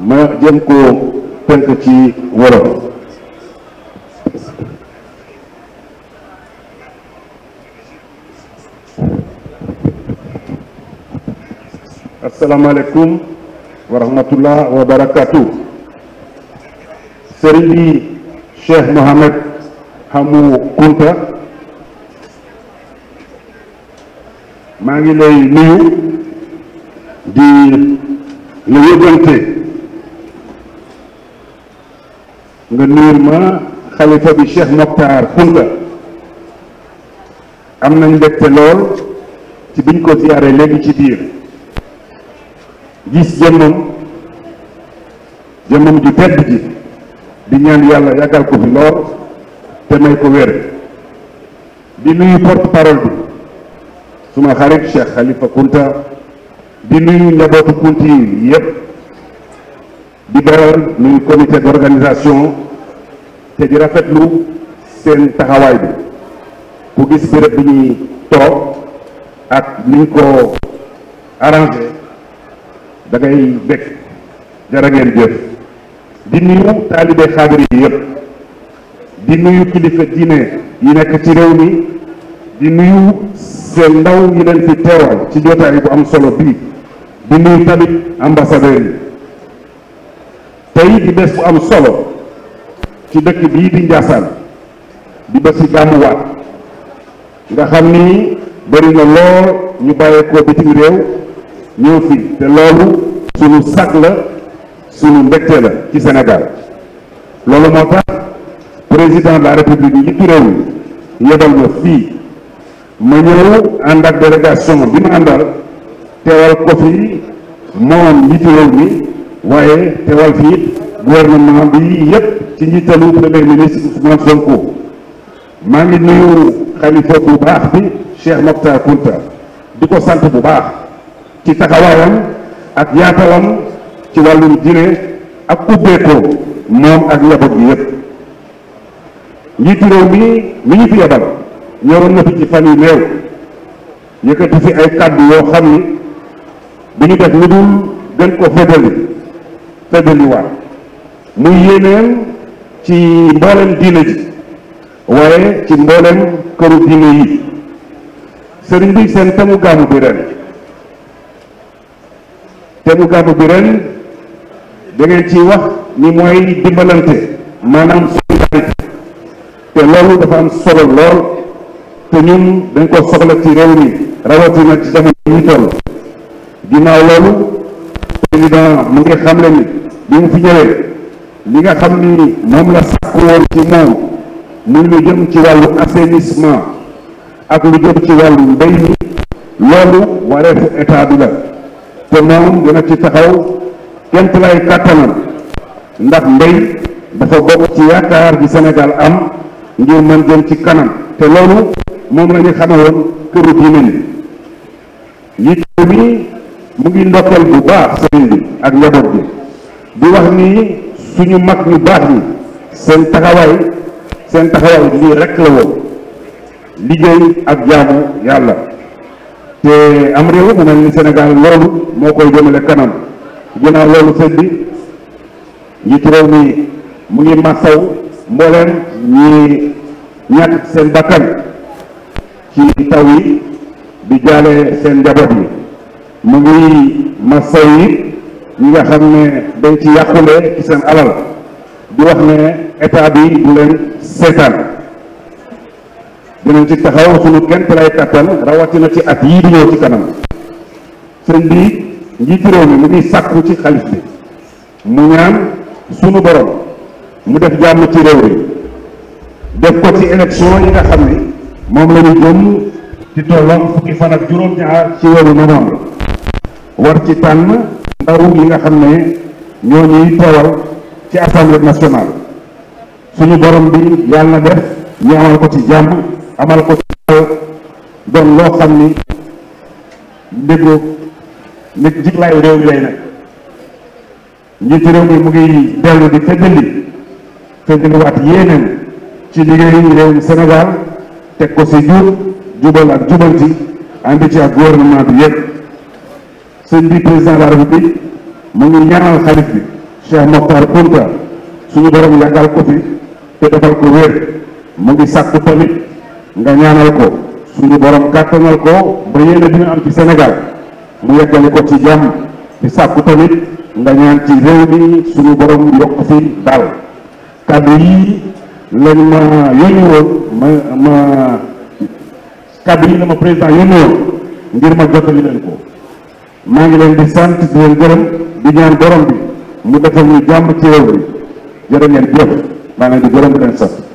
ma jëm ko penk ci woro assalamu alaykum wa rahmatullah wa hamu kunta ma ngi di la yëgante nga nuyul ma xalifa bi Cheikh Mokhtar Kounta am nañ mbégte lool ci biñ ko ziyaare léegi ci biir gis jëmmam jëmmam ju tedd ji di ñaan yàlla yàggal ko fi lool te may ko wér di nuyu porte parole bi suma xarit Cheikh Khalifa Kounta di nuyu njabootu Kounta yi yépp di gërëm nuyu comité d'organisation te di rafetlu seen taxawaay bi ku gis béréb bi ñuy toog ak ni ñu ko arrangé da ngay bég jërë ngeen jëf di nuyu taalibe xaadir yi yëpp di nuyu kilifa diine yi nekk ci réew mi di nuyu seen ndaw yi leen fi teewal ci jotaay bu am solo bii di nuyu tamit ambassadeur yi tay di bes bu am solo ci dëkk bii di njaasaan di ba si gàmmu waat nga xam ni bëri na lool ñu bàyyeekoo bitim réew ñëw fi te loolu sunu sag la sunu mbégte la ci Sénégal loolu moo tax président de la république yi ci réew yebal ma fii ma ñëw ànd ak bi ma àndal teewal ko fii moom yi ci mi waaye teewal fii gouvernement bi yëpp ci njiitalu premier ministre Ousmane Sonko maa ngi nuyu xalifa bu baax bi Cheikh Moctar Kounta di ko sant bu baax ci taxawaayam ak yaatalam ci wàllum diine ak ubbeekoo moom ak njaboot bi yëpp njiitu mi mi ñu fi yebal ñoroon na fi ci fan yu néew yëkkati fi ay kàddu yoo xam ni bu ñu def lu dul gën ko féddali feddaliwaat muy yéeneem ci mboolem diine ji waaye ci mboolem këru diine yi sëriñ bi seen temu gàmmu bi ren temu gàmmu bi ren da ci wax ni mooy dimbalante maanaam solidarité te loolu dafa am solo lool te ñun dañ ko soxla ci réew mi rawatina ci jamono ñu toll ginnaaw loolu mu ngi xamle ni bi mu fi ñëwee li nga xam ni moom la sàkk woon ci moom muy lu jëm ci wàllu assainissement ak lu jëm ci wàllu mbéy mi loolu wareefu état bi la te moom dina ci taxaw kent lay kàttanam ndax mbéy dafa bokk ci yaakaar bi senegal am ngir mën jëm ci kanam te loolu moom la ñu xame woon këru diine ni yitte bi mu ngi ndokkeel bu baax sëriñ bi ak njaboot bi di wax ni suñu mag ñu baax ñi seen taxawaay seen taxawaay lii rek la woon liggéey ak jaamu yàlla te am réew mu mel ni Sénégal loolu moo koy jëmale kanam ginnaaw loolu sëñ bi njiitu réew mi mu ngi massaw mbooleem ñi ñàkk seen bakkan ci taw yi di jaale seen njaboot yi mu ngi massaw yi ñi nga xam ne dañ ci yàqule ci seen alal di wax ne état bi du leen seetaan dinañ ci taxaw suñu kenn lay kattan rawatina ci at yii di ñëw ci kanam sëñ bi njiitu réew mi mu ngi sàkku ci xalif bi mu ñaan suñu borom mu def jàmm ci réew mi def ko ci élection yi nga xam ni moom la ñu jëm ci tolloon fukki fan ak juróom-ñaar ci weeru novembre war ci tànn ndaw li nga xam ne ñoo ñuy teewal ci assemblée nationale suñu borom bi yàlla na def ñu amal ko ci jàmm doon loo xam ni ndégoo nit jiglaayu réew lay nag njiitu réew mi mu ngi dellu di feddali feddaliwaat yéeneen ci liggéeyu réewum Sénégal teg ko si jub jubal ak jubanti ànd ci ak gouvernement bi sëñ presiden baru ini la république mu ngi ñaanal xarit bi cheikh mokhtar ponta suñu borom yàggal ko fi te defal ko wér mu ngi sàkk tamit nga ñaanal ko suñu borom gàttanal ko ba yéen a dina am ci sénégal mu yeggali ko ci jàmm di sàkk tamit nga ñaan ci réew mi suñu borom yokk fi dal kàddu yi lañ ma yónnewoon ma ma kàddu yi la ma maa ngi leen di sant di leen gërëm di ñaan borom bi mu defal ñu jàmm ci réew mi jërë ngeen jëf maa ngi leen di gërëm di leen sant